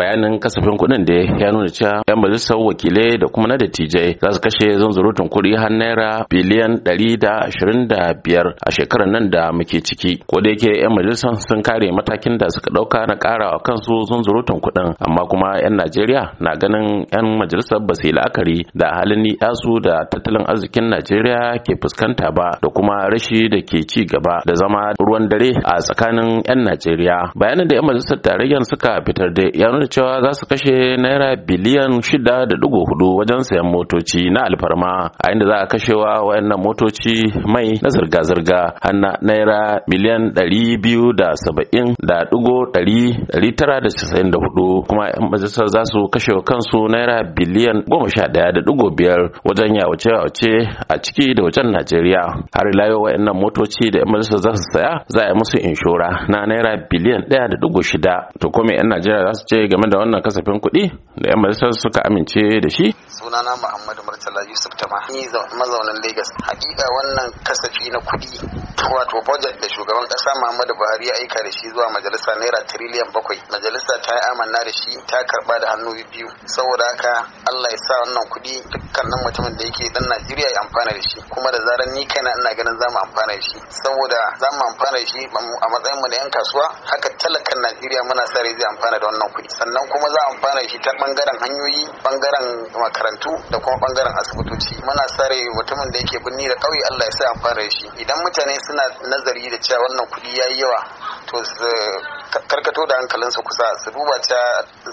bayanin kasafin kuɗin da ya nuna cewa yan majalisar wakilai da kuma na dattijai za su kashe zanzurutun kuɗi har naira biliyan ɗari da ashirin da biyar a shekarar nan da muke ciki ko da yake yan majalisar sun kare matakin da suka ɗauka na ƙara wa kansu zanzurutun kuɗin amma kuma yan najeriya na ganin yan majalisar ba su yi la'akari da halin ni'asu da tattalin arzikin najeriya ke fuskanta ba da kuma rashi da ke ci gaba da zama ruwan dare a tsakanin yan najeriya bayanin da yan majalisar tarayyar suka fitar da ya nuna cewa za su kashe naira biliyan shida da dugo hudu wajen sayan motoci na alfarma a inda za a kashewa wayannan motoci mai na zirga-zirga har naira miliyan ɗari biyu da saba'in da dugo ɗari ɗari tara da casa'in da hudu kuma yan majalisar za su kashe kansu naira biliyan goma sha ɗaya da dugo biyar wajen ya wace a ciki da wajen najeriya har layo wa wayannan motoci da yan majalisar za su saya za a yi musu inshora na naira biliyan ɗaya da dugo shida to kome yan najeriya za su ce game game da wannan kasafin kuɗi da 'yan majalisar suka amince da shi. Sunana Muhammadu Murtala Yusuf Tama, ni mazaunin Legas. Hakika wannan kasafi na kuɗi wato budget da shugaban ƙasa Muhammadu Buhari ya aika da shi zuwa majalisa naira tiriliyan bakwai. Majalisa ta yi amanna da shi ta karɓa da hannu biyu. Saboda haka Allah ya sa wannan kuɗi dukkanin mutumin da yake dan Najeriya ya amfana da shi. Kuma da zarar ni kaina ina ganin za mu amfana da shi. Saboda za mu amfana da shi a mu na 'yan kasuwa haka talakan Najeriya muna sa rai zai amfana da wannan kuɗi. sannan kuma za a amfana shi ta bangaren hanyoyi bangaren makarantu da kuma bangaren asibitoci muna sare mutumin da yake binni da kauye Allah ya sa amfana shi idan mutane suna nazari da cewa wannan kuɗi yayi yawa to karkato da hankalin su kusa su duba ta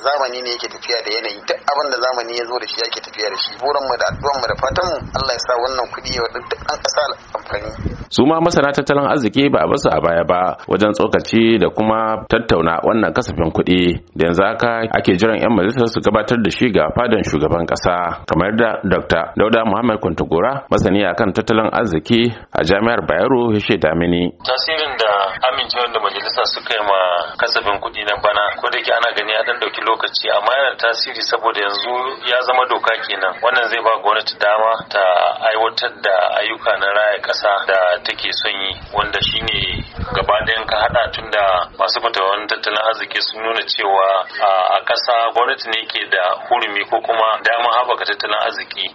zamani ne yake tafiya da yanayi duk abin da zamani ya zo da shi yake tafiya da shi mu da addu'an mu da fatanmu Allah ya sa wannan kuɗi ya duk ɗan ƙasa amfani su ma masana tattalin arziki ba a basu a baya ba wajen tsokaci da kuma tattauna wannan kasafin kuɗi da yanzu haka ake jiran 'yan majalisar su gabatar da shi ga fadan shugaban ƙasa kamar da dr dauda muhammad Kuntugura masani akan tattalin arziki a jami'ar bayero ya shaida mini tasirin da amincewar da majalisa suka yi ma kasafin kuɗi na bana ko da ana gani ya ɗan ɗauki lokaci amma yana tasiri saboda yanzu ya zama doka kenan wannan zai ba gwamnati dama ta aiwatar da ayyuka na raya ƙasa da da take son yi wanda shine gaba ɗayan ka hada tun da masu fatawan tattalin arziki sun nuna cewa a ƙasa gwamnati ne ke da hurumi ko kuma dama haɓaka tattalin arziki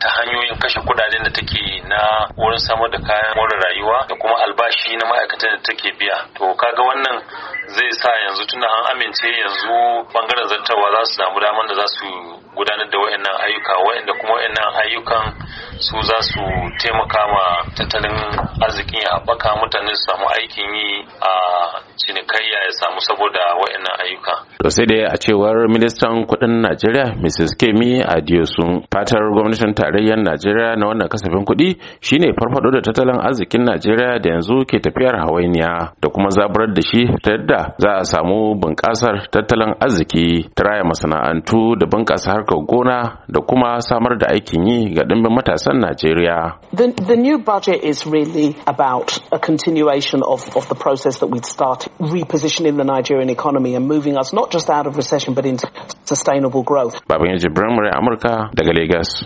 ta hanyoyin kashe kuɗaɗen da take na wurin samar da kayan more rayuwa da kuma albashi na ma'aikatan da take biya to kaga wannan zai sa yanzu tunda an amince yanzu bangaren zartarwa za su samu damar da za su gudanar da wayannan ayyuka wayanda kuma wayannan ayyukan su za su taimaka ma tattalin arzikin ya haɓaka mutane su samu aikin yi a cinikayya ya samu saboda wa'annan ayyuka. To sai dai a cewar ministan kuɗin Najeriya Mrs. Kemi Adiosun fatar gwamnatin tarayyar Najeriya na wannan kasafin kuɗi shine farfado da tattalin arzikin Najeriya da yanzu ke tafiyar hawainiya da kuma zaburar da shi ta yadda za a samu bunƙasar tattalin arziki ta raya masana'antu da bunƙasa harkar gona da kuma samar da aikin yi ga dimbin matasan Najeriya. The, the new budget is really about a continuation of, of the process that we'd started, repositioning the Nigerian economy and moving us not just out of recession but into sustainable growth. America, Lagos.